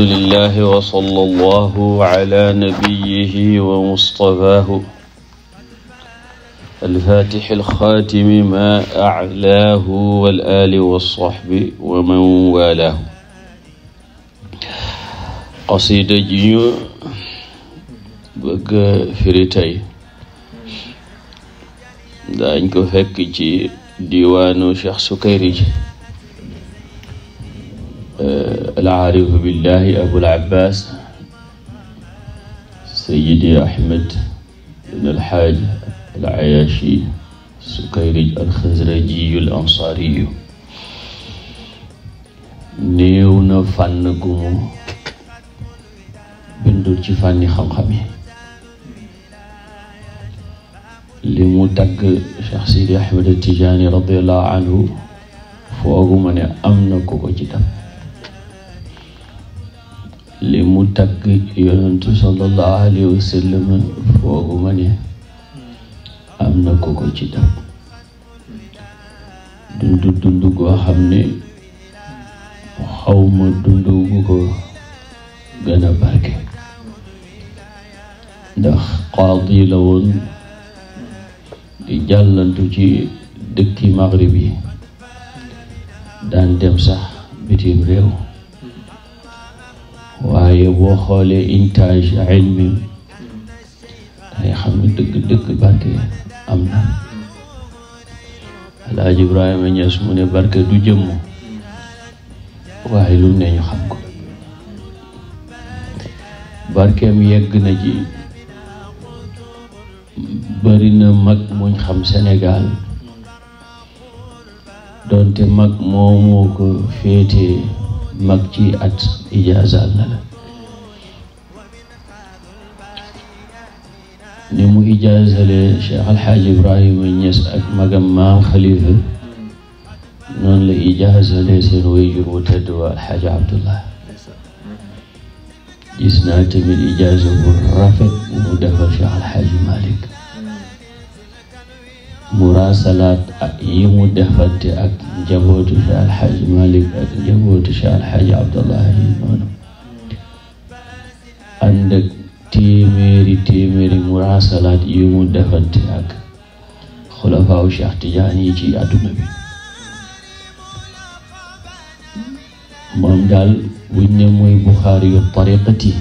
alhamdulillahi wa sallallahu ala nabiyyihi wa mustafaahu alfatixi alxaatimi ma aclaahu wal aali wa saxbi wa man waalaahu qasida ji ñu bëgg firi tey daañ ko fekk ci diiwaanu Cheikh Sukayri ji alaarifu euh, billahi abul abbas sayidi ahmed ibn alhaaj alayashi sukayrij alxazrajiyu al ansaariyu néew na fànn gu mu bindul ci fànni xam-xam yi li mu tagg Cheikh Sidi Ahmed Tijaani radiallahu anhu fooguma ne am na ko ko ci tam tagg yonentu sallallahu alayhi wa sallam fooguma ne am na ko ko ci dab dundu dundu goo xam ne xawma dundu gu ko gën barke ndax qaadi la woon di jàllantu ci dëkki maghrib yi daan dem sax bitim réew waaye boo xoolee intage ilmi day xam ne dëgg-dëgg barke am na alaaji Ibrahima Ñas mu ne barke du jëmm waaye lu ne ñu xam ko barkeem yegg na ji bari na mag muñ xam Sénégal doonte mag moomoo ko féete mag ci at ijaasaal na la ni mu ijaasalee Cheikh Alxaaji Ibrahima Ñas ak magam maam Xalifa noonu la ijaasalee seen wayjur wu tedd wa Alxaaji Abdullah gis naa tamit ijaasa bu rafet mu defal Cheikh Alxaaji Malik murasalaat yi mu defante ak njabootu Cheikh Alhaji Malick ak njabootu Cheikh Alhaji Abdullahi noonu ànd ak téeméeri yi mu defante ak xulafaaw Cheikh Tidiane yi ci àdduna bi moom daal buñ ne tariqati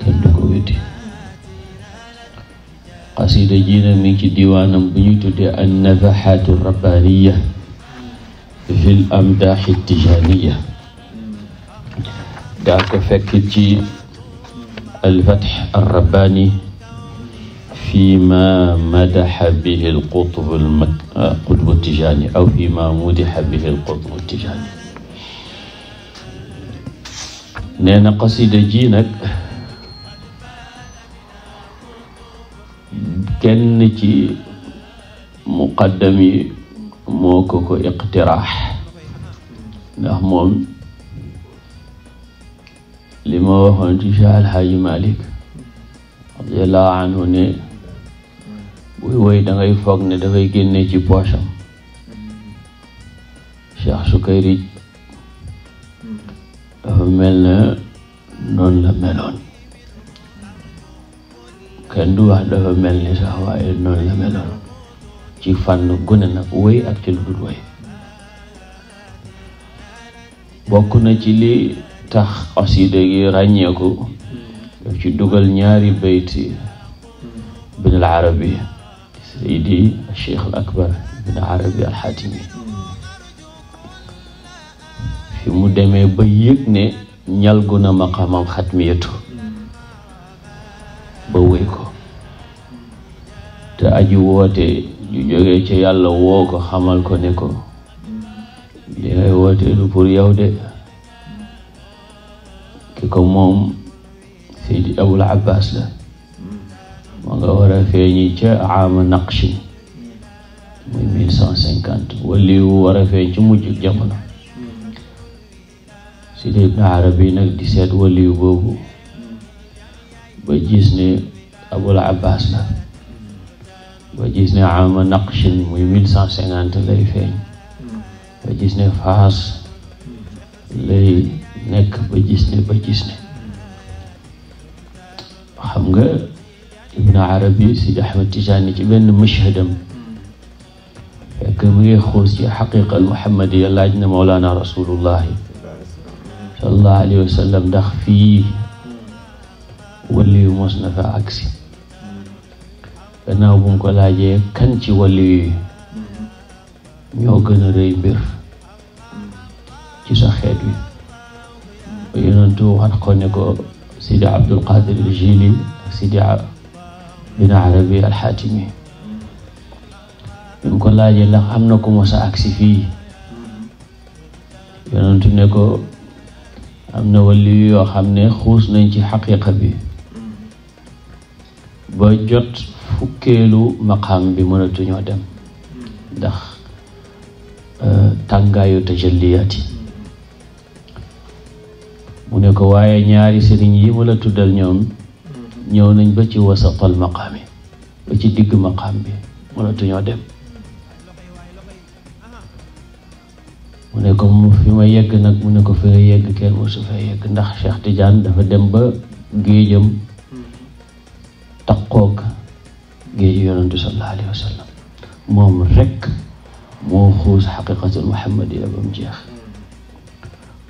kenn du xasida ji nag mi ngi ci diwaanam bu ñuy tuddee an nabaxaatu rabbaniya fi l amdaaxi tijaaniya daa ko fekk ci alfatx arrabbani fi ma madaxa bihi lqutbu lmak qutbu tijaani aw fi ma mudixa bihi lqutbu tijaani nee na xasida ji nag kenn ci muqaddam yi moo ko ko ndax moom li ma waxoon ci Cheikh Alhaaji Malik radiallahu anhu ne buy woy da ne dafay génne ci poosam Cheikh Sukayrij dafa mel na noonu la kenn du wax dafa mel ni sax waaye noonu la meloon ci fànn gune nag woy ak ci woy bokk na ci li tax xasida gi ràññeeku daf ci dugal ñaari bayti ibn al arabi sayidi cheikh al akbar ibn arabi al xaatimi fi mu demee ba yëg ne ñal gu na maqamam xatmiyatu ba wéy ko te aji woote ñu jógee ci yàlla woo ko xamal ko ne ko li ngay woote yow de ki ko moom di Abul Abbas la ma nga war feeñi ca ama naqshi muy mille cent cinquante feeñ ci mujj jamono Seydi Ibn Arabi nag di seet boobu ba gis ne Abul Abbas la ba gis ne ama naqshin muy mille cent cinquante lay feeñ ba gis ne faas lay nekk ba gis ne ba gis ne xam nga ibnu arabi sidi ahmad tijaani ci benn mashhadam fekk mu ngi xuus ci xaqiqa al muhammadiya laaj na mawlaana rasulullahi sallallahu alayhi wa sallam ndax fii wali mos na fa agsi gannaaw bu ko laajee kan ci wàllu mm-hmm. ñoo gën a rëy mbir ci sa xeet wi ba yonentu waxat ko ne ko sidi abdul qadir al jili ak sidi bin arabi al xaatimi bu mu ndax am na ku mos a agsi fii mm-hmm. yonentu ne ko am na wàllu yoo xam ne xuus nañ ci xaqiqa bi mm-hmm. ba jot fukkeelu maqaam bi mënatuñoo dem ndax euh, tàngaayu tajalliyaat yi mu ne ko waaye ñaari sëriñ yi ma la tuddal ñoom ñëw nañ ba ci wasatal maqaam yi ba ci digg maqaam bi mënatuñoo dem mu ne ko mu fi ma yegg nag mu ne ko fi nga yegg kenn mosu fee yegg ndax Cheikh Tidiane dafa dem ba géejam mm-hmm. takkoog géeju yonantu sallallahu alayhi wa sallam moom rekk moo xuus xaqiqatul muhammadiya ba mu jeex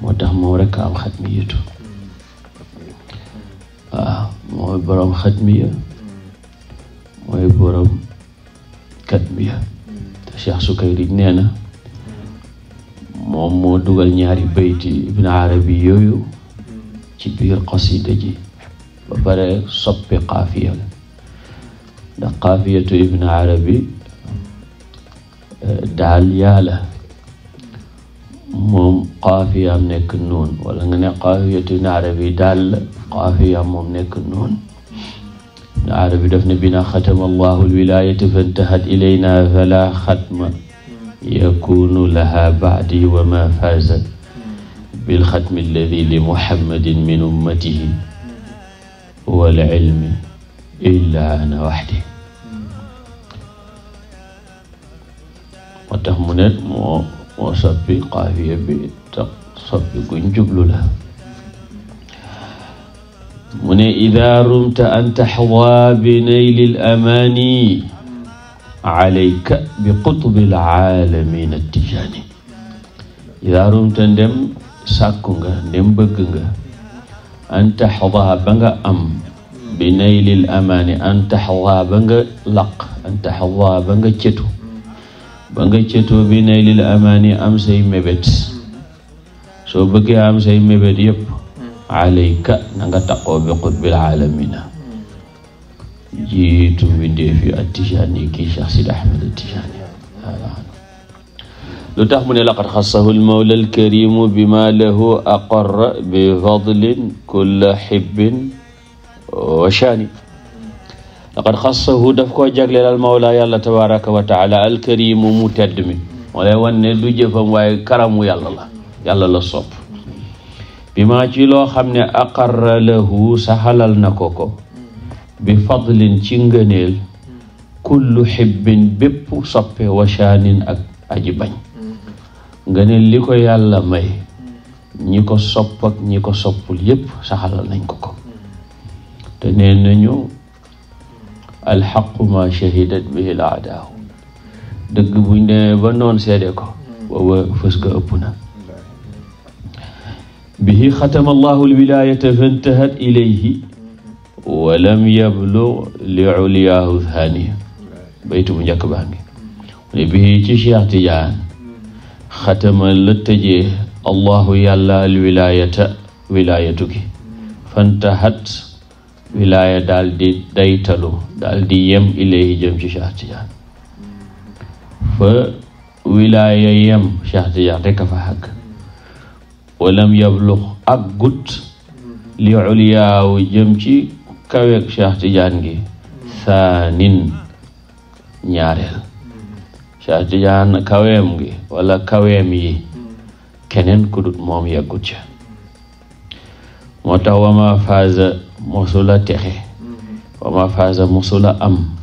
moo tax moom rekk am xatmi yitu waaw mooy boroom xatmiya mooy boroom katmiya te Cheikh Sukayrij nee na moom moo dugal ñaari bayti Ibn Arabi yooyu ci biir qasida ji ba pare soppi xaafiya la ndax xaafiyatu ibn arabi eh, daal yàlla moom xaafiyaam nekk noon wala nga ne xaafiyatu ibn arabi daal la xaafiyaam moom nekk noon ibn arabi daf ne bina xatama allahu alwilayata fantahat ilayna fala xatma yakunu laha baadi wa ma faaza bilxatmi alladi li muhammadin min ummatihi wal ilmi illa ana waxdi moo tax mu ne moo moo soppi xaafiya bi tax soppi guñ jublu la mu ne ida rumta an taxwaa bi naylil amaani alayka bi qutbil aalamin attijaani ida rumta ndem sàkku nga ndem bëgg nga an taxwaa ba nga am bi naylil amaani an taxawaa ba nga laq an taxawaa ba nga cëtu ba nga cëtoo bi naylil amaani am say mébét soo bëggee am say mébét yëpp alayka na nga taqoo bi qutbil aalamina jiitu mbindeef yi attijaani kii Cheikh Sidi Ahmed attijaani lu tax mu ne laqad xasahu almawla alkarimu bima lahu aqarra bi fadlin kulla xibbin wa shaani laqad xassahu daf koo jagleel al mawla yàlla tabaraka wa taala alkarimu mu tedd mi moo lay wan ne du jëfam waaye karamu yàlla la yàlla la sopp bi maa ci loo xam ne aqarra lahu saxalal na ko ko bi fadlin ci ngëneel kullu xibbin bépp soppe wa shaanin ak aji bañ ngëneel li ko yàlla may ñi ko sopp ak ñi ko soppul yépp saxalal nañ ko ko te nee nañu alxaqu ma shahidat bihi l aadaahu dëgg buñ demee ba noon seede ko booba fës ga ëpp na bihi xatama allahu alwilayata fantahat ilayhi walam yablug li uliyaahu thani baytu bu njëkk baa ngi mu ne bii ci Cheikh Tidiane xatama la tëjee allahu yàlla alwilayata wilayatu gi fantahat wilaaya daal di daytalu daal di yem ilayhi jëm ci Cheikh Tidiane fa wilaaya yem Cheikh Tidiane fa xàgg walam yablux ak gut li uliyaawu jëm ci kaweeg gi saanin ñaareel Cheikh kaweem gi wala kaweem yi keneen ku moom yeggut ca mosula texe mm-hmm. wa ma faasa mosula am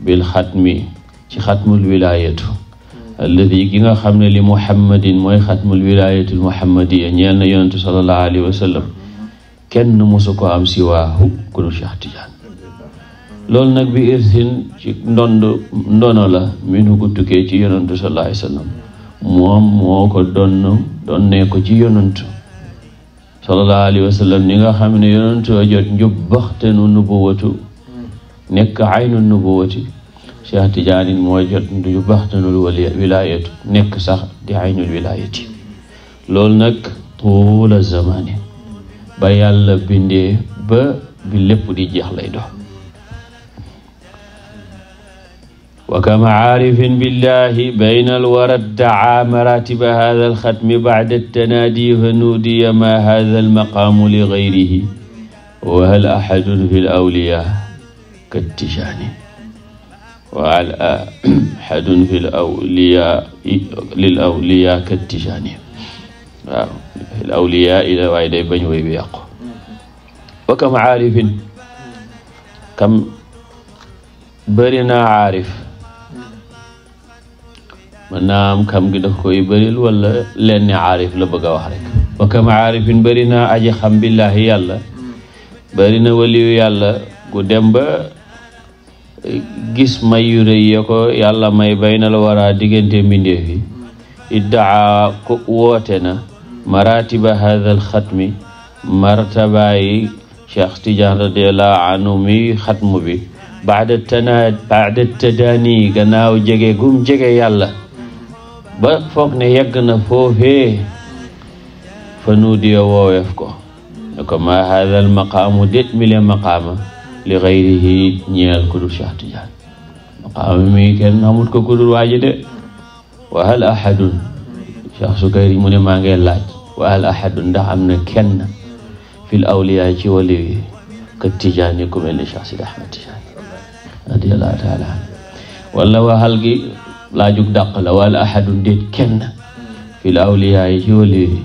bil xatmi ci xatmul wilaayatu mm-hmm. alladi ki nga xam ne li muhammadin mooy xatmul wilaayatul muhammadiya ñeel na yonentu salallahu alayhi wa sallam mm-hmm. kenn mosu ko am siwaahu kunu Cheikh Tidiane loolu nag bi irsin ndono la minu ko tukkee ci yonentu salallahu alayhi moom moo ko donnee ko ci yonentu sallallahu alayhi wa sallam ni nga xam ne yonentu a jot njubbaxtanu nubuwatu nekk aynu nubuwati Cheikh Tidiane mooy jot njubbaxtanul wilaayatu nekk sax di aynul wilaayati loolu nag tuula zamani ba yàlla bindee ba bi lépp di jeex lay dox wa kama aarifin billahi bayna alwara daa maratiba hada alxatmi bacda tanaadi fa nuudiya ma hada almaqaamu li gayrihi wa hal ahadun fi alawliya kattijaani wa hal ahadun fi alawliya lil awliya kattijaani waaw fi alawliya ila waaye day bañ woy bi yàqu wa kam aarifin kam bëri naa aarif mën kam gi daf koy bëril wala lenn aarif la bëgg a wa kam aarifin bëri na aji xam billaahi yàlla bëri waliyu yàlla gu dem ba e, gis may yu rëy ya ko may bay na la waraa iddaa ko woote na maratiba xatmi martabaayi cheikh tidiane radiallahu anhu mi xatmu bi baada tadaani gannaaw jege gum jege yàlla ba foog ne yegg na foofee fa nuudiya wooweef ko ne ko maa haada al maqaamu déet mi le maqaama li xayrihi ñeel ku dul Cheikh Tidiane maqaama mi kenn xamut ko ku dul waaji de wa hal ahadun Cheikh Sukayri mu ne maa ngi laaj wa hal ahadun ndax am na kenn fil awliya ci wali ka Tidiane ku mel ni Cheikh Sidi Ahmed Tidiane radiyallahu taala wala waxal gi laa jug dàq la wala ahadun déet kenn mm. fi l awliya yi ci wali mm.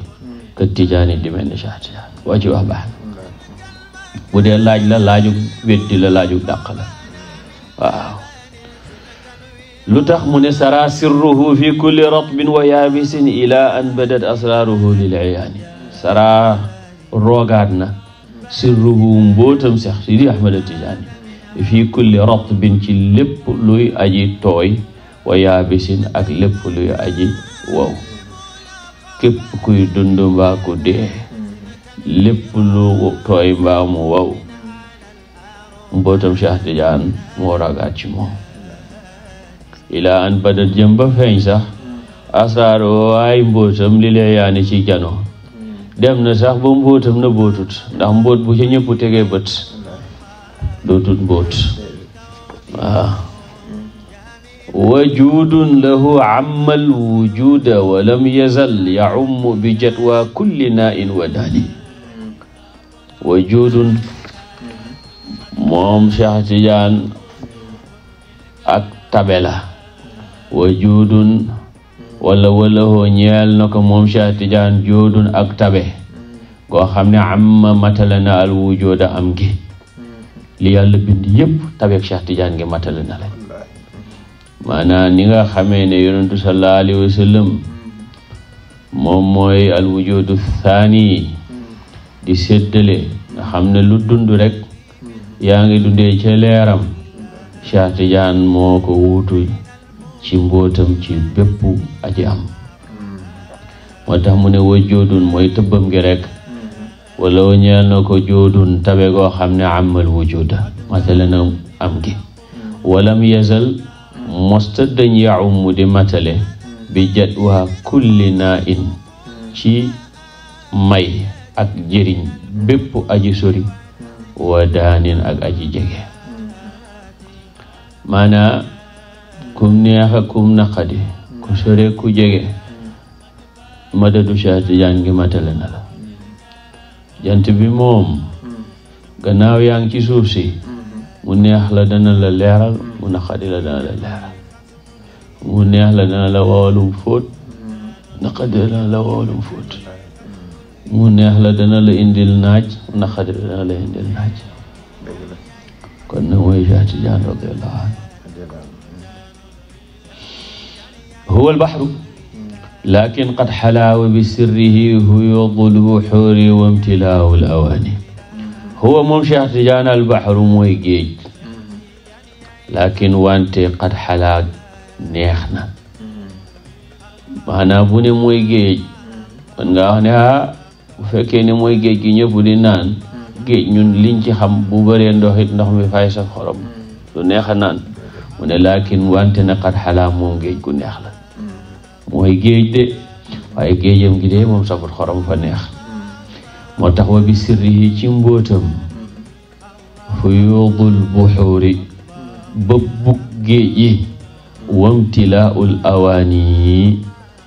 ka tijaani di mel ni Cheikh Tidiane boo ci wax baax mm. bu dee laaj la laajug weddi la laajug dàq la waaw lu tax mu ne sara sirruhu fi kulli ratbin wa yaabisin ila an badat asraruhu lil iyaani sara roogaat na sirruhu mbootam Cheikh Sidi Ahmad Tidiane fi kulli ratbin ci lépp luy aji tooy wa yaabisin ak lépp luy aji wow képp kuy dund mbaa ku lépp lu tooy mbaa mu wow mbootam Cheikh Tidiane moo ragaat ci moom ilaa an badat jëm ba feeñ sax asraar waay mbootam li ci jano dem na sax ba mbootam na bootut ndax mboot bu ca ñëpp tegee bët dootut mboot waaw wajuudun lahu ammal wujuuda wa lam yazal yaumu bi jatwa kulli naa in wa daali wajuudun moom Cheikh Tidiane ak tabela wajuudun wala walahoo ñeel na ko moom Cheikh Tidiane joodun ak tabe goo xam ne amma matala na al wujooda am gi li yàlla bind yépp tabeek Cheikh Tidiane gi matala na la maanaam ni nga xamee ne yonentu sallallahu alayhi wa moom mooy al wujudu thani di séddale nga xam ne lu dund rek yaa ngi dundee ca leeram Cheikh moo ko wuutu ci mbootam ci bépp aji am moo tax mu ne wa joodun mooy tëbbam gi rek wala wa ñeel na ko joodun tabe goo xam ne amal wujuda matale am gi walam yazal mustaddan yaum di matale bi jat waa kulli naa in ci may ak jëriñ bépp aji sori wa daanin ak aji jege maanaa kum neex ak kum naqadi ku sore ku jege madadu Cheikh Tidiane ngi matale na la jant bi moom gannaaw yaa ngi ci suuf si mu neex la dana la leeral mu naqadi la dana la leeral mu neex la dana la woolum fóot naqadi la dana la woolum fóot mu neex la dana la indil naaj mu naqadi la dana la indil naaj kon nag mooy Cheikh Tidiane radiyallahu anhu huwa al-bahru lakin qad xalaawa bi sirrihi huwa dul buxuuri wa imtilaau al-awaani huwa moom Cheikh Tidiane al baxru mooy géej lakin wante xat xalaat neex na maanaam bu ne mooy géej man nga wax ah, bu fekkee ne mooy géej gi ñëpp di naan géej ñun liñ ci xam bu bëree ndox it ndox mi fay sa xorom lu neex a mu ne lakin wante na xat xalaat moom géej gu neex la mooy géej de waaye géejam gi de moom safut xorom fa neex moo tax wa bi sirrihi ci mbóotam fuyuudul buxuuri bëbbug géej yi wamtilaaul awaani yi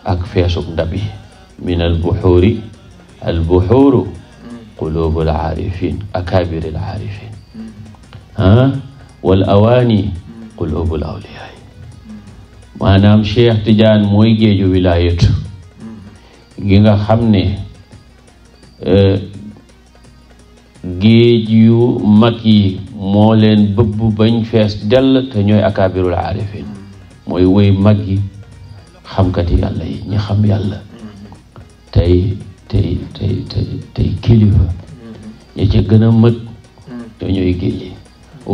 ak feesug ndab yi min al buxuuri al buxuuru quluubul aarifin akaabiril aarifin ah wal awaani quluubul awliyaay maanaam Cheikh Tidiane mooy géeju wilaayatu gi nga xam ne Euh, géej yu mag yi moo leen bëbb bañ fees dell te ñooy akaabirul aarifin mooy woy mag yi xamkat yàlla yi ñi xam yàlla tey tey tey tey tey kilifa ñi ca gën a mët ñooy géej yi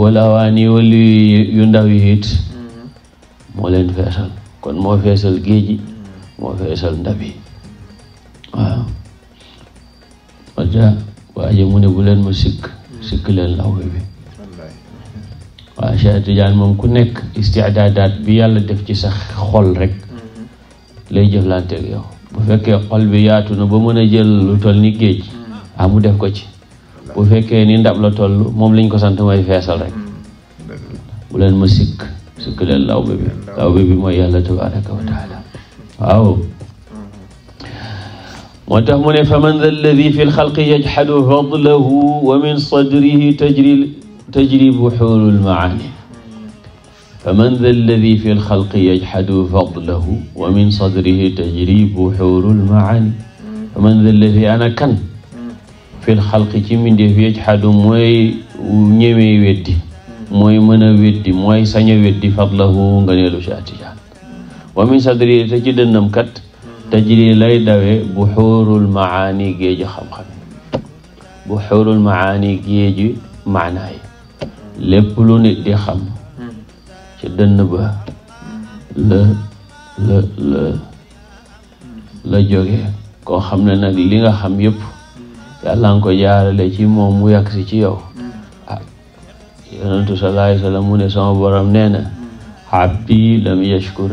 wala waa ni wali yu ndaw yi it moo leen feesal kon moo feesal géej yi moo feesal ndab yi waaw daa waaye mu ne bu leen ma sikk sikk leen lawbe bi waaw Cheikh Tidiane moom ku nekk istiadaadaat bi yàlla def ci sax xol rek lay jëflanteeg yow bu fekkee xol bi yaatu na ba mën a jël lu toll ni géej ah mu def ko ci bu fekkee ni ndab la toll moom lañ ko sant mooy feesal rek bu leen ma sikk sikk leen lawbe bi lawbe bi mooy yàlla tabaraka wa taala waaw moo tax mu ne fa man da alladi fi lxalqi yajxadu fadlahu wa min sadrihi tajri tajri buxuuru lmacaani fa man da alladi fi lxalqi yajxadu fadlahu wa min sadrihi tajri buxuuru lmacaani fa man da alladi ana kan fi lxalqi ci mbindeef yajxadu mooy ñemee weddi mooy mën a weddi mooy sañ a weddi fadlahu nga neelu Cheikh Tidiane wa min sadrihi te ci dënnam kat tajri lay dawe buxuurul maani géeju xam-xam géeju maanaa yi lépp lu nit di ci dënn ba la la la la jóge koo xam ne nag li nga xam yëpp yàlla nga ko jaarale ci moom mu yàgg ci yow ah yonentu sallallahu alayhi wa mu ne sama borom nee na abdi lam yashkur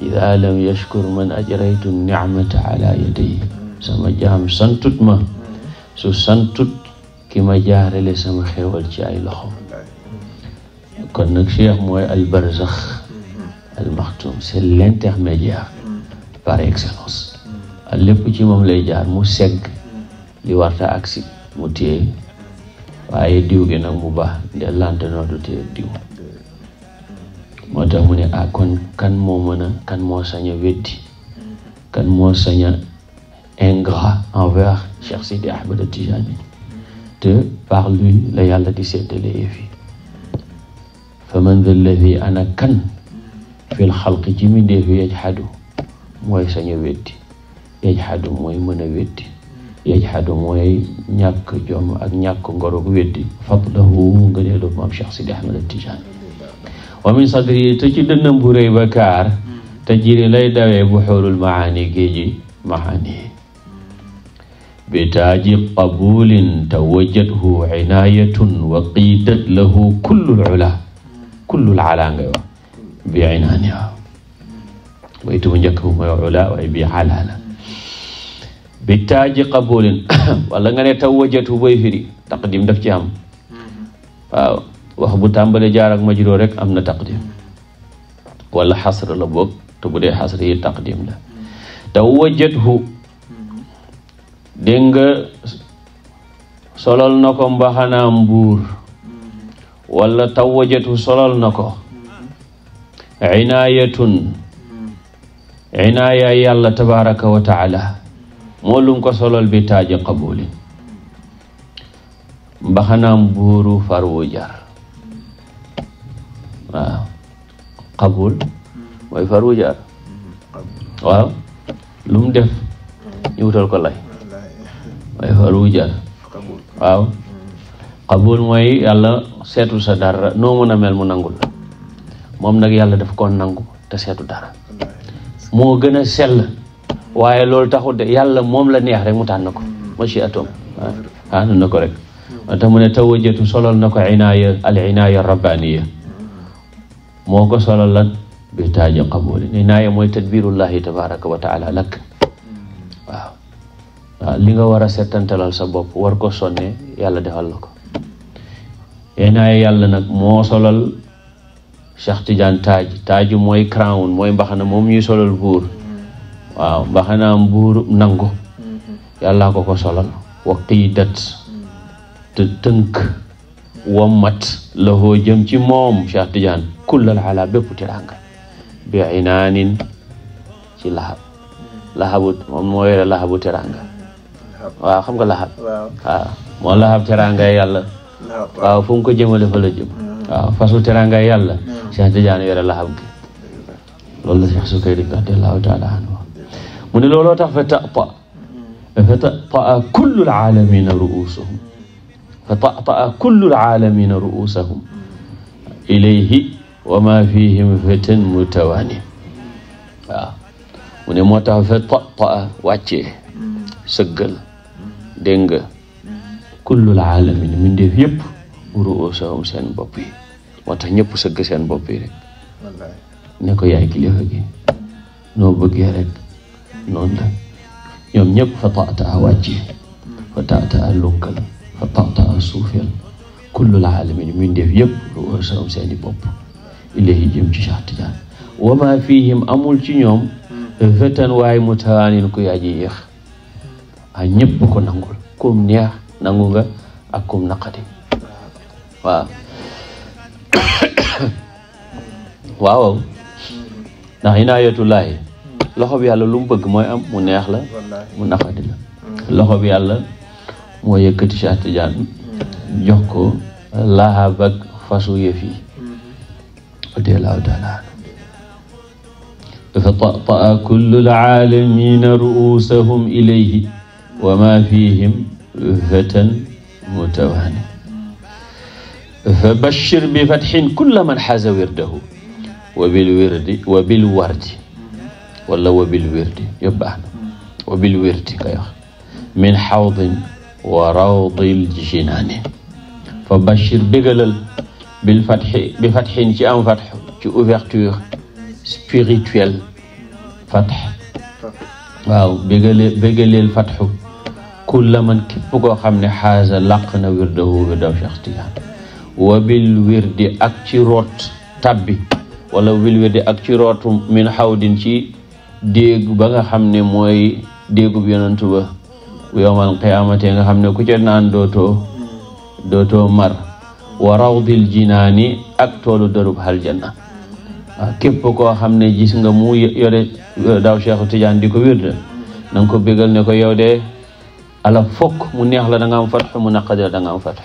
ida lam yashkur man ajraytu nicmata ala yadayhi sama jaam santut ma su santut ki ma jaarale sama xéewal ci ay loxo kon nag cheikh mooy albarzax almaxtum c'est l'intermédiaire par excellence lépp ci moom lay jaar mu segg li warta aksi mu téye waaye diw gi nag mu baax nde lante noo du téye diw moo tax mu ne ah, kon kan moo mën a kan moo sañ a kan moo sañ a ingrat envers Cheikh Sidi Ahmed Tijani te par lui yàlla di séddale yëf yi fa man de ladi ana kan fil xalqi ci mindee fi yajhadu mooy sañ a weddi yajhadu mooy mën a weddi yajhadu mooy ñàkk jom ak ñàkk ngorog weddi fadlahu nga neelu maam Cheikh Sidi Ahmed Tijani wa min sadri te ci dënnam bu rëy ba kaar hmm. te jiri lay dawee bu xoolul maani géeji maani bi taaji qabulin tawajjathu inaayatun wa qiidat lahu kullul ula hmm. kullul ala ngay wax bi inaaniha baytu bu njëkk bu mooy ula waaye bi ala la bi taaji qabulin wala nga ne tawajjathu bay firi taqdim daf ci am hmm. waaw wax bu tàmbalee jaar ak majrur rek am na taqdim wala xasr la boog te bu dee xasr taqdim la tawajjathu dégg nga solol na ko mbaxanaam buur wala tawajjathu solol na ko inaayatun inaaya yàlla tabaraka wa taala moo ko solol bi taaji qabulin mbaxanaam buuru farwu jar waaw ah. qabul mooy faruja waaw lu ko lay mooy faruja waaw qabul mooy yàlla seetu sa dara noo mën a mel mu nangul moom nag yàlla def koon nangu te seetu dara moo gën a sell waaye loolu taxul de yàlla moom la neex rek mu tànn ko machi atom ah, ah na ko rek tax mu ne tawajjatu solol na ko inaaya al inaaya rabbaniya moo ko solal lan bi taaji qabuli ni naaye mooy tadbirullahi tabaraka wa taala lakk waaw li nga war a settantalal sa bopp war ko sonne yàlla defal la ko yee naaye yàlla nag moo solal Cheikh Tidiane taaj taaju mooy crown mooy mbaxana moom ñuy solal buur waaw mbaxanaam buur nangu mm-hmm. yàlla ko ko solal wa tënk wommat lahoo jëm ci moom Cheikh Tidiane kullal ala bépp teraanga bi inaanin ci lahab lahabu moo yore lahabu teraanga waaw xam nga lahab waaw moo lahab teraanga yàlla waaw fu mu ko jëmale fa la jëm waaw fasu teraanga yàlla hmm. Cheikh Tidiane yore lahab gi loolu la Cheikh Sukayri radiallahu taala anhu mu ne looloo tax fa tapa hmm. fa tapa kullul alamina fa tataa kullu alaalamina ruusahum ilayhi wa ma fihim fatan mutawaani waaw mu ne moo tax fa tataa wàccee sëggal dégg nga kullu alaalamina min def yëpp ruusahum seen bopp yi moo tax ñëpp sëgg seen bopp yi rek ne ko yaay kilifa gi noo bëggee rek noonu la ñoom ñëpp fa tataa wàccee fa tataa lunkal fa tanta suufeel kullul aalamin min def yëpp lu ësam seeni bopp ilayhi jëm ci Cheikh Tidiane wa ma fihim amul ci ñoom fetan waaye mu taanin ku yaaji a ñëpp ko nangul kum neex nangu nga ak naqadi waaw waaw ndax inaayatullaahi loxo bi yàlla lu mu bëgg mooy am mu neex la mu naqadi la moo yëkkati Cheikh Tidiane jox ko lahab ak fasu yëf yi radiallahu taala anhu فطأطأ كل العالمين رؤوسهم إليه وما فيهم فتى متواني فبشر بفتح كل من حاز ورده وبالورد وبالورد ولا وبالورد يبقى وبالورد كيخ من حوض wa rawdil jinaani fa bachir bégalal bi fatxin ci am fatx ci ouverture spirituelle fatx waaw fatxu kulla man képp koo xam ne xaasa làq na wirdahu wirdaw Cheikh wa bil wirdi ak ci root tabbi wala bil wirdi ak ci rootu min xawdin ci déeg ba xam ne mooy déegub yonantu ba bu yowmal qiyaamate nga xam ne ku ca naan dootoo dootoo mar wa rawdil jinaani ak toolu dërub aljanna waaw képp koo xam ne jis nga mu yore euh, daaw Cheikh Tidiane di ko wirde na nga ko bégal ne ko yow de ala fok mu neex la da nga am fatx mu naqadi la da nga am fatx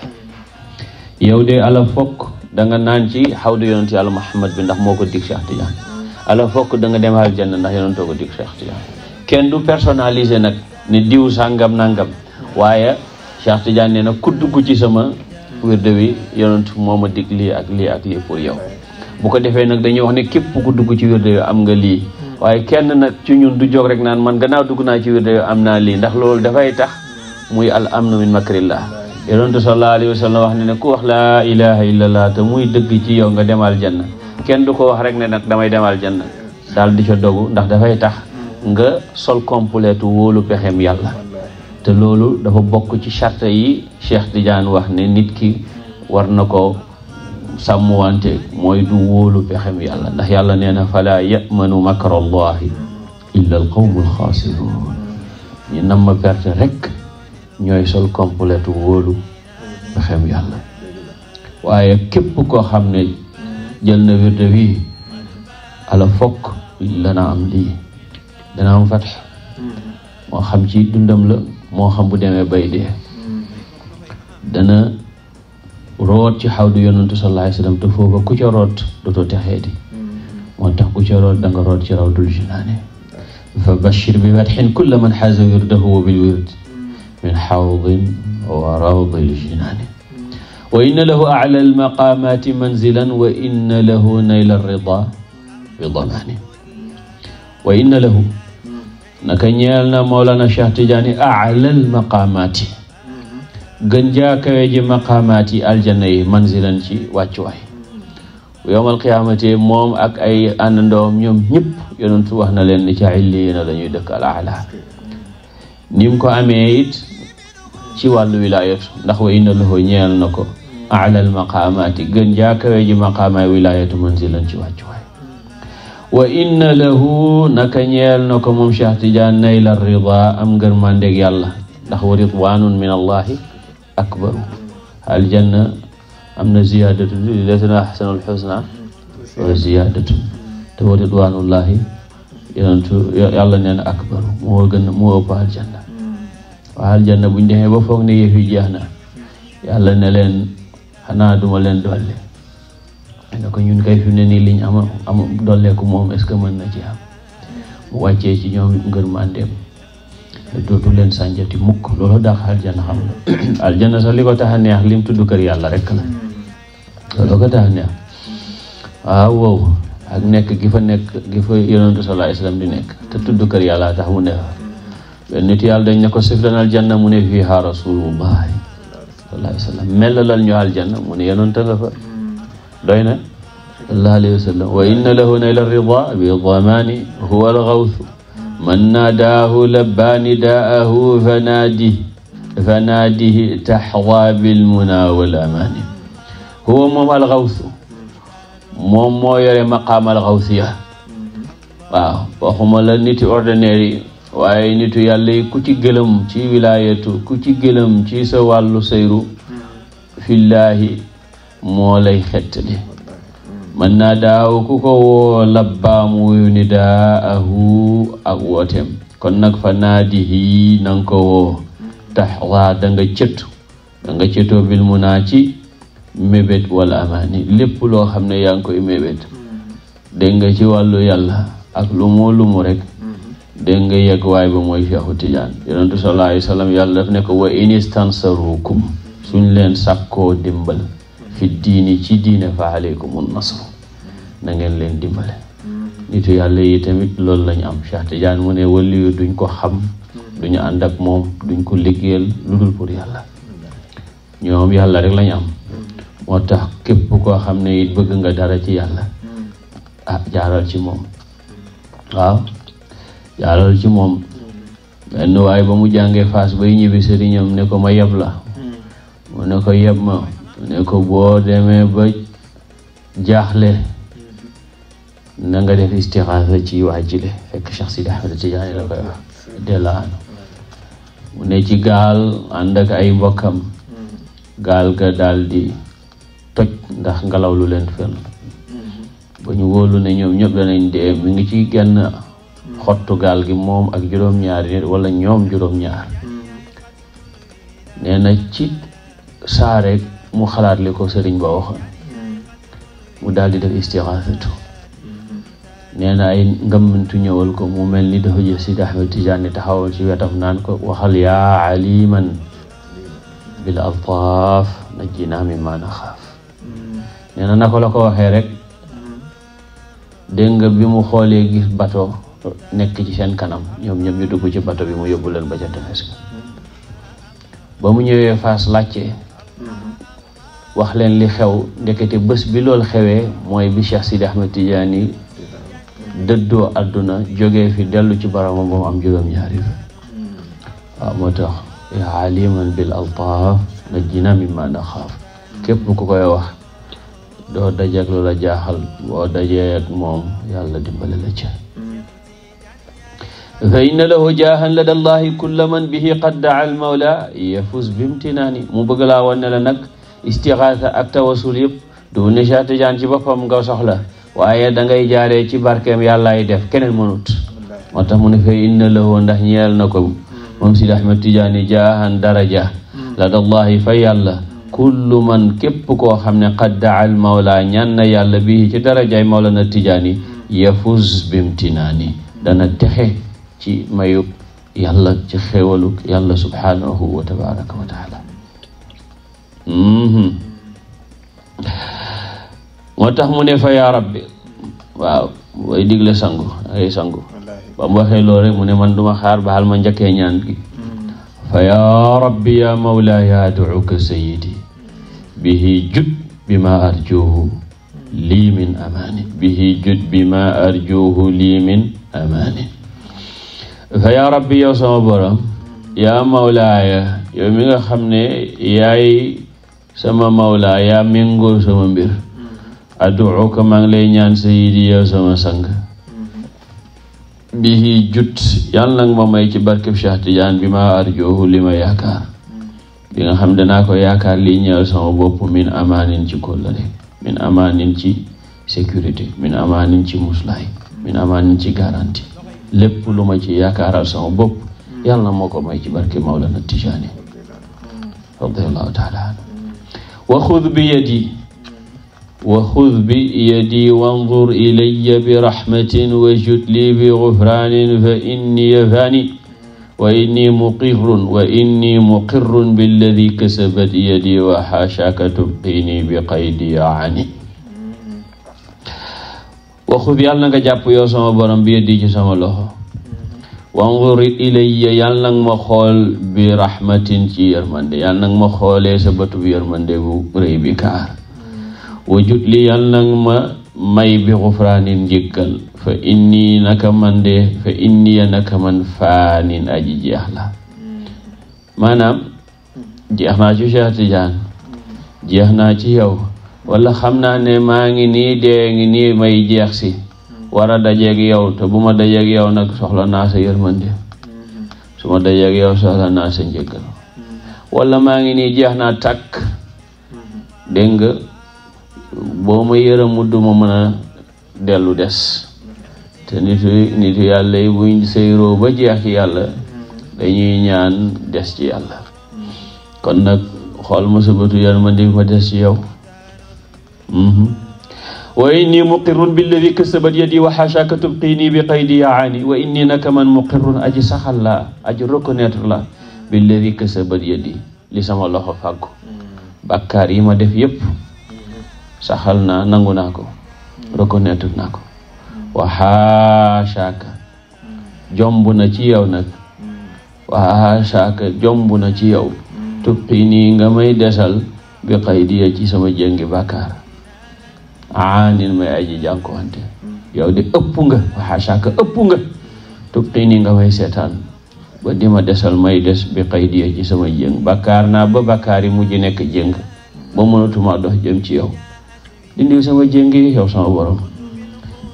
yow de ala fok da nga naan ci xawdu yonent yàlla Muhammad bi ndax moo ko dig Cheikh Tidiane ala fokk da nga dem aljanna ndax yonentoo ko dig Cheikh Tidiane kenn du personnalisé nag ne diw sàngam nangam waaye Cheikh Tidiane nee na ku dugg ci sama wirde wi yonent moo ma dig lii ak lii ak lii pour yow bu ko defee nag dañuy wax ne képp ku dugg ci wirde wi am nga lii waaye kenn nag ci ñun du jóg rek naan man gannaaw dugg naa ci wirde am naa lii ndax loolu dafay tax muy al amnu min makrillah yonent sallallahu alayhi wa sallam wax ne ne ku wax laa ilaha te muy dëgg ci yow nga demal janna kenn du ko wax rek ne nag damay demal janna daal di ca dogu ndax dafay tax nga sol completu wóolu pexem yàlla te loolu dafa bokk ci charte yi Cheikh Tidiane wax ne nit ki war na ko sàmmwante mooy du wóolu pexem yàlla ndax yàlla nee na fala yamanu makra allahi illa al qawmu alxaasirun ñu perte rek ñooy sol completu wóolu pexem yàlla waaye képp koo xam ne jël na wirde wi ala fokk lana am lii dana am fatx mm-hmm. moo xam ci dundam la moo xam bu demee bay dee mm-hmm. dana root ci xawdu yonantu sallallahu alayhi wa sallam te foofa ku ca root dootoo texee di mm-hmm. moo tax ku ca root da nga root ci rawdul jinaane fa bashir bi fatxin kulla man xaaza wirdahu wa bil wird min xawdin wa rawdil jinaane wa inna lahu acla almaqaamaati manzilan wa inna lahu nayla arrida bi damaani wa inna lahu naka ñeel na Mawlana Cheikh Tidiane alal maqaamaati mm-hmm. gën jaa kawe ji maqaamaat yi aljanna yi manzilan ci wàccuwaay yowmal qiyaamati moom ak ay àndandoom ñoom ñëpp yonentu wax na leen ni ca illiina la ñuy dëkk al ala ni ko amee it ci wàllu wilaayatu ndax wa inna lahu ñeel na ko mm-hmm. alal maqaamaati gën jaa kawe ji maqaamaay wilaayatu manzilan ci wàccuwaay wa inna lahu naka ñeel na ko moom Cheikh Tidiane nayla rida am ngër mandéeg yàlla ndax wa ridwanun min allahi akbaru aljanna am na ziyadatu lilatuna ahsanul husna wa ziyadatu te wa ridwanullahi yonentu yàlla nee na akbaru moo gën moo ëpp aljanna waa aljanna buñ demee ba foog ne yëf yi jeex na yàlla ne leen xanaa duma leen dolli ne ko ñun kay fi ne nii liñ ama am dolleeku moom est-ce que mën na ci am mu wàccee ci ñoom ngërmandeem dootu leen sànjati mukk loolu daax aljana xam la aljana sax li ko tax a neex lim tudd kër yàlla rek la loolu ko tax a neex waaw ah, wow ak nekk gi fa nekk gi fa yonentu sallallahu alayhi nekk te tudd kër yàlla tax mu ne benn nit yàlla dañ ne ko sif lanal mu ne fiiha rasulullah sallallahu fa doy na sallallahu alayhi wa sallam wa inna lahu nayla rida bi damani huwa alxawsu man naadaahu labbaani daahu fanaadihi fanaadihi taxdaa bilmunaa wal amaani huwa moom alxawsu moom moo yore maqaam alxawsiya waaw waxuma la niti ordinaire yi waaye nitu yàlla yi ku ci gëlëm ci wilaayatu ku ci gëlëm ci sa wàllu sayru fillaahi moo lay xettali man naa daaw ku ko woo labbaam wuyu ni daahu ak wooteem kon nag fa naadi na nga ko woo taxdaa da nga cëttu da nga cëttoo bil mu naa ci mébét wala amaani lépp loo xam ne yaa ngi koy mébét nga ci wàllu yàlla ak lu moo lu mu rek dégg nga yegg waay ba mooy Seexu Tijaan yonentu sallallahu alayhi yàlla daf ne ko wa in istansarukum suñ leen sàkkoo dimbal fi diini ci diine fa aleykumun nasru na ngeen leen dimbale nitu yàlla yi tamit loolu lañu am Cheikh Tidiane mu ne waliyu duñ ko xam duñu ànd ak moom duñ ko liggéeyal lu dul pour yàlla ñoom yàlla rek lañu am moo tax képp koo xam ne it bëgg nga dara ci yàlla ah jaaral ci moom waaw jaaral ci moom benn waaye ba mu jàngee fas bay ñibbi sëriñam ne ko ma yeb la mu ne ko yeb ma ne ko boo demee ba jaaxle na nga def istixaasa ci waa jile fekk Cheikh Sidi Ahmed Tidiane la koy wax delloo mu ne ci gaal ànd ay mbokkam gaal ga daldi di toj ndax ngelaw lu leen fenn ba ñu wóolu ne ñoom ñëpp danañ dee mi ngi ci genn xottu gaal gi moom ak juróom-ñaari nit ñoom juróom-ñaar mm-hmm. nee ci saa mu xalaat li ko sëriñ ba waxoon mm-hmm. mu daal di def istixaasatu mm-hmm. nee na ay ngëmmantu ñëwal ko mu mel ni dafa jël Sidi Ahmed Tijaani taxawal ci wetam naan ko waxal yaa aliman bil altaaf najjinaa mimmaa naxaaf mm-hmm. nee na na ko la ko waxee rek dégg nga bi mu xoolee gis bato nekk ci seen kanam ñoom ñoom ñu dugg ci bato bi mu yóbbu ba ca tefes ba mu ñëwee Faas laajte wax leen li xew ndekete bés bi lool xewee mooy bi Cheikh Sidi Ahmed Tidiane dëddoo àdduna jógee fi dellu ci boromam ba mu am juróom-ñaari waaw yaa aliman bil altaaf najjina mimma naxaaf képp ku koy wax doo dajeek loola jaaxal boo moom yàlla la ca fa inna lahu jaahan ladallahi kulla man bihi qad daa al mawla yafuz mu bëgg laa la nag istixaasa ak tawasul yëpp du ne Cheikh Tidiane ci boppam nga soxla waaye da ngay jaaree ci barkeem yàllaay def keneen mënut moo tax mu ne fay inna lahu ndax ñeel na ko moom Sidi Ahmed Tidiane jaahan daraja la dallahi fa yàlla kullu man képp koo xam ne qad daal mawla ñaan na yàlla bii ci darajaay mawlana Tidiane yafuz bimtinaani dana texe ci mayub yàlla ci xéwalu yàlla subhanahu wa tabaraka wa taala Mhm. moo tax mu ne fa yaa rabbi waaw way digle sangu ay sangu ba mu waxee mu ne man duma xaar ba xal ma njëkkee ñaan gi mm. fa yaa rabbi yaa mawlaaya aduuka sayidi bihi bihi jud bima arjuhu lii min amaani fa yaa rabbi yow sama borom yaa mawlaaya yow mi nga xam ne yaay sama mawla yaa méngoo sama mbir adduuka maa ngi lay ñaan sayidi yow sama sang bihi jut yàlla nag ma may ci barkeb Cheikh Tidiane bi ma arjoohu li ma yaakaar nga xam danaa ko yaakaar li ñëw sama bopp min amaanin ci kóllëre min amaanin ci sécurité min amaanin ci muslaay min amaanin ci garanti lépp lu ma ci yaakaaral sama bopp yàlla moo ko may ci barke Mawlana Tidiane radiyallahu taala anhu wa xud bi yadi wa xud bi yadi wandur ilaya bi raxmatin wa jut li bi gufraanin fa inni faani wa inni muqirun wa inni muqirun billadi kasabat yadi wa xaashaaka tubqiini bi qaydi ani wa xud yàlla na nga jàpp yow sama borom bi yadi ci sama loxo wanzur ilayya yal nag ma xool bi rahmatin ci yërmande yal nag ma xoolee sa bëtu bi yërmande bu rëy bi kaar wajut li yal nag ma may bi xufraanin njëggal fa inni naka man de fa inni ya naka man faanin aji jeex la maanaam jeex naa ci Cheikh Tidiane jeex naa maa ngi nii dee ngi nii may jeex si war a dajeeg yow te bu ma dajeeg yow nag soxla naa sa yërmande mm-hmm. su ma dajeeg yow soxla naa sa njëggal mm-hmm. wala maa ngi nii jeex naa tàkk mm-hmm. dégg nga boo ma yërëmu du ma mën a dellu des te nitu nitu yàlla yi buñ sayroo ba jeex ci yàlla dañuy ñaan des ci yàlla kon nag xool ma sa bëtu yërmande bi ma des ci yow wo inni muqirrun billadi kasabat yadi wa xachaaka tubqiini bi qaydi yaani wa inni naka man muqirrun aji saxal la aji reconnaître la billadi kasabat yadi li sama loxo fàggu bàkkaar yi ma def yépp saxal naa nangu naa ko reconnaître naa ko wa jomb na ci yow nag wa xachaaka jomb na ci yow tubqiini nga may desal bi qaydiya ci sama jëngi bàkkaar aanin may aji jànkuwante yow di ëpp nga waxaasaaka ëpp nga tukki ni nga way seetaan ba dima desol may des bi xay diye ci sama jëng bakkaar naa ba bakkaar yi mujj nekk jëng ba mënatuma dox jëm ci yow dindi sama jëng yi sama borom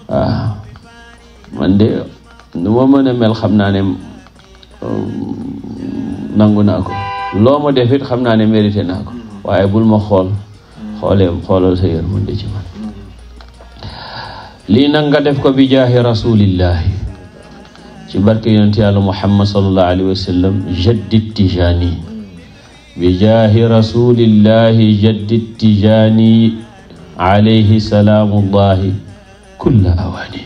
waaw ah, man de nu ma mën mel xam naa ne um, nangu naa ko loo ma defit xam naa ne mérité naa ko waaye bul ma xool xoolee xoolal sa yërmande ci man lii nag nga def ko bi jaahi rasulillahi ci barke yonent yàlla muhammad salallahu alayhi wa sallam jaddit tijaani bi jaahi rasulillahi jaddit tijaani alayhi salaamullahi kulla awaani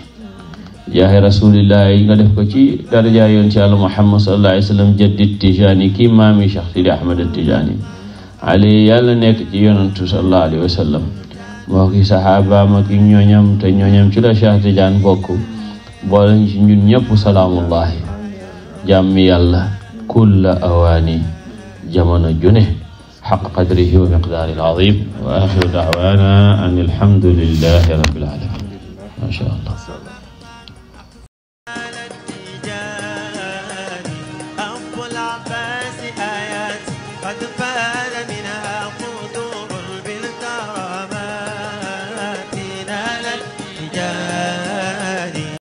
jaahi rasulillahi nga def ko ci daraja yonent yàlla muhammad salallahu alayhi wa sallam jaddit tijaani kii maami cheikh sidi ahmad tijaani alayhi yàlla nekk ci yonentu salallahu alayhi wa sallam moo ki saxaabaam ak i ñooñam te ñooñam ci la Cheikh Tidiane bokk boole ñu ci ñun ñëpp salaamullahi jàmm yàlla kulla awaani jamono june xaq qadrihi wa miqdaarihi al-aziim wa axiru da'waana an alhamdulillahi rabbil aalamiin maa sha allah